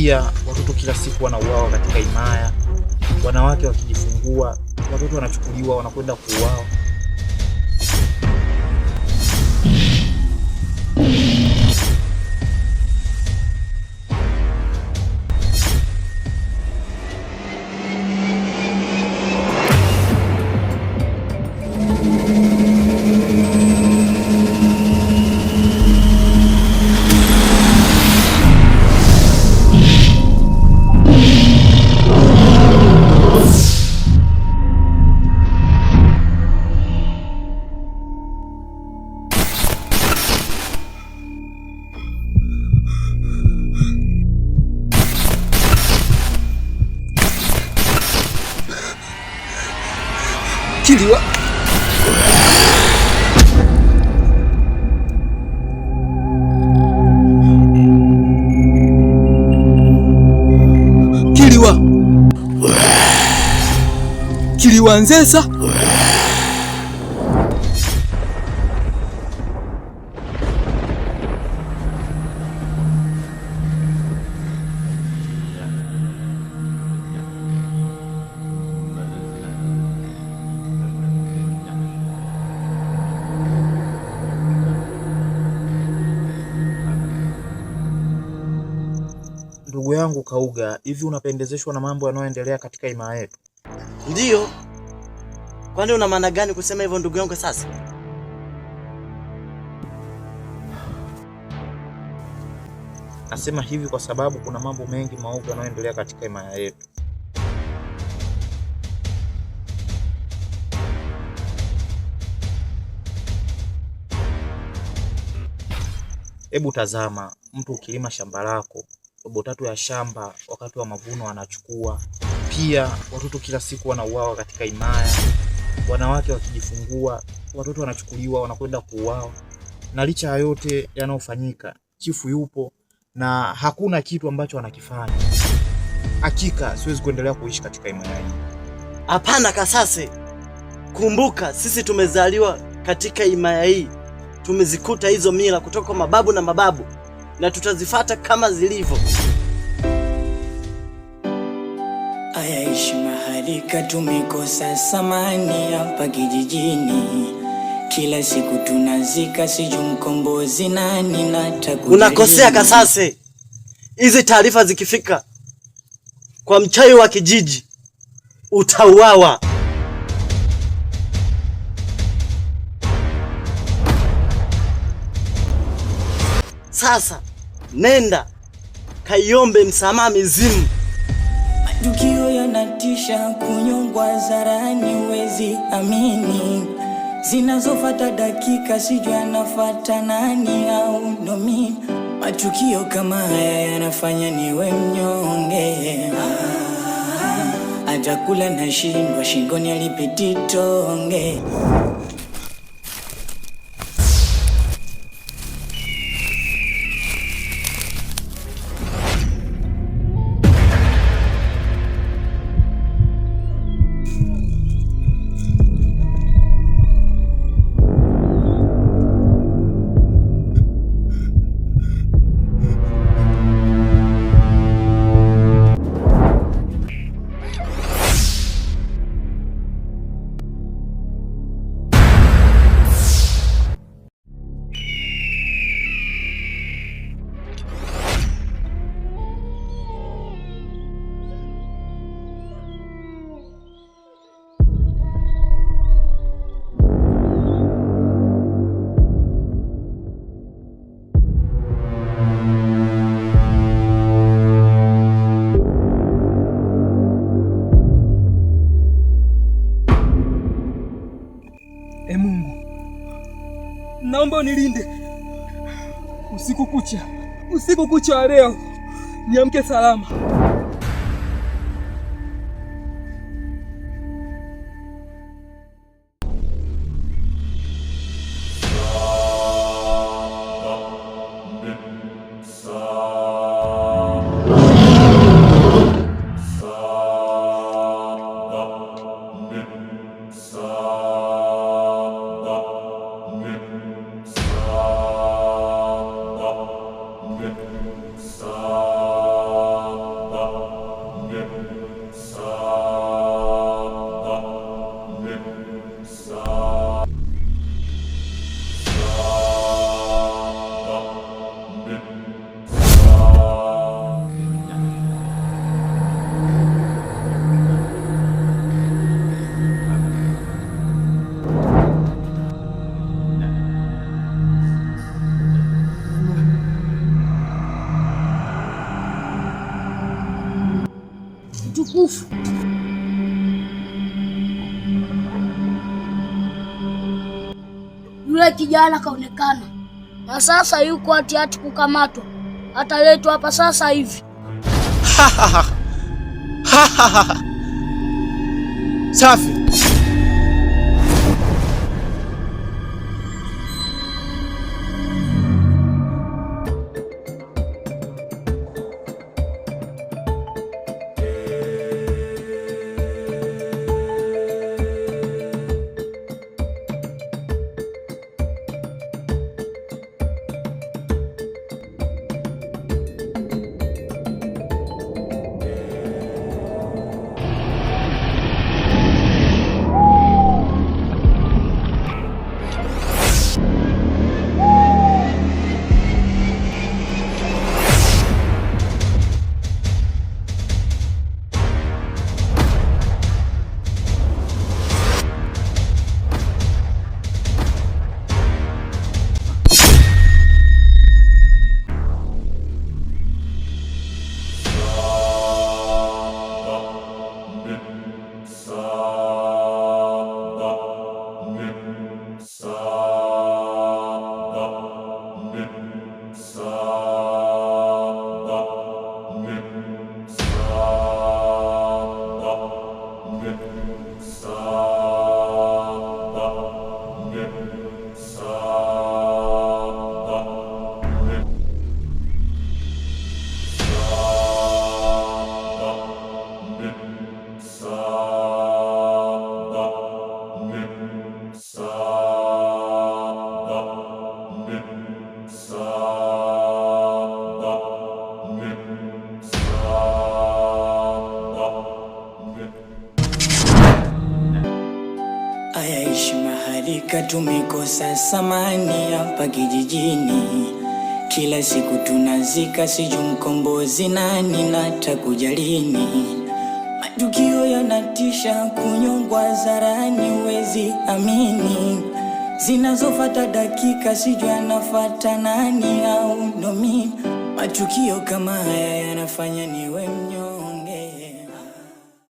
Pia watoto kila siku wanauawa katika himaya, wanawake wakijifungua watoto wanachukuliwa wanakwenda kuuawa. 君は君は君はンセンさ yangu Kauga, hivi unapendezeshwa na mambo yanayoendelea katika imaa yetu? Ndiyo. Kwani una maana gani kusema hivyo ndugu yangu? Sasa nasema hivi kwa sababu kuna mambo mengi maovu yanayoendelea katika imaa yetu. Hebu tazama, mtu ukilima shamba lako robo tatu ya shamba wakati wa mavuno wanachukua. Pia watoto kila siku wanauawa katika himaya, wanawake wakijifungua watoto wanachukuliwa wanakwenda kuuawa. Na licha ya yote yanayofanyika, chifu yupo na hakuna kitu ambacho anakifanya. Hakika siwezi kuendelea kuishi katika himaya hii. Hapana Kasase, kumbuka sisi tumezaliwa katika himaya hii, tumezikuta hizo mila kutoka kwa mababu na mababu na tutazifata kama zilivyo. Ayaishi mahali katumekosa samani hapa kijijini, kila siku tunazika siju mkombozi nani nataku. Unakosea Kasase, hizi taarifa zikifika kwa mchawi wa kijiji utauawa. Sasa nenda kaiombe msamaha mizimu. Matukio yanatisha, kunyongwa zarani wezi amini, zinazofata dakika, sijui anafata nani au ndo mimi. Matukio kama haya yanafanya niwe mnyonge, atakula na shindwa, shingoni alipititonge naomba unilinde usiku kucha, usiku kucha wa leo niamke salama. utukufu. Yule kijana kaonekana na sasa yuko hatihati kukamatwa, ataletwa hapa sasa hivi. Safi. Hakika tumekosa samani hapa kijijini, kila siku tunazika, siju mkombozi nani na takuja Matukio yanatisha, kunyongwa zarani uwezi amini, zinazofata dakika, siju anafata nani au nomi. Matukio kama haya yanafanya niwe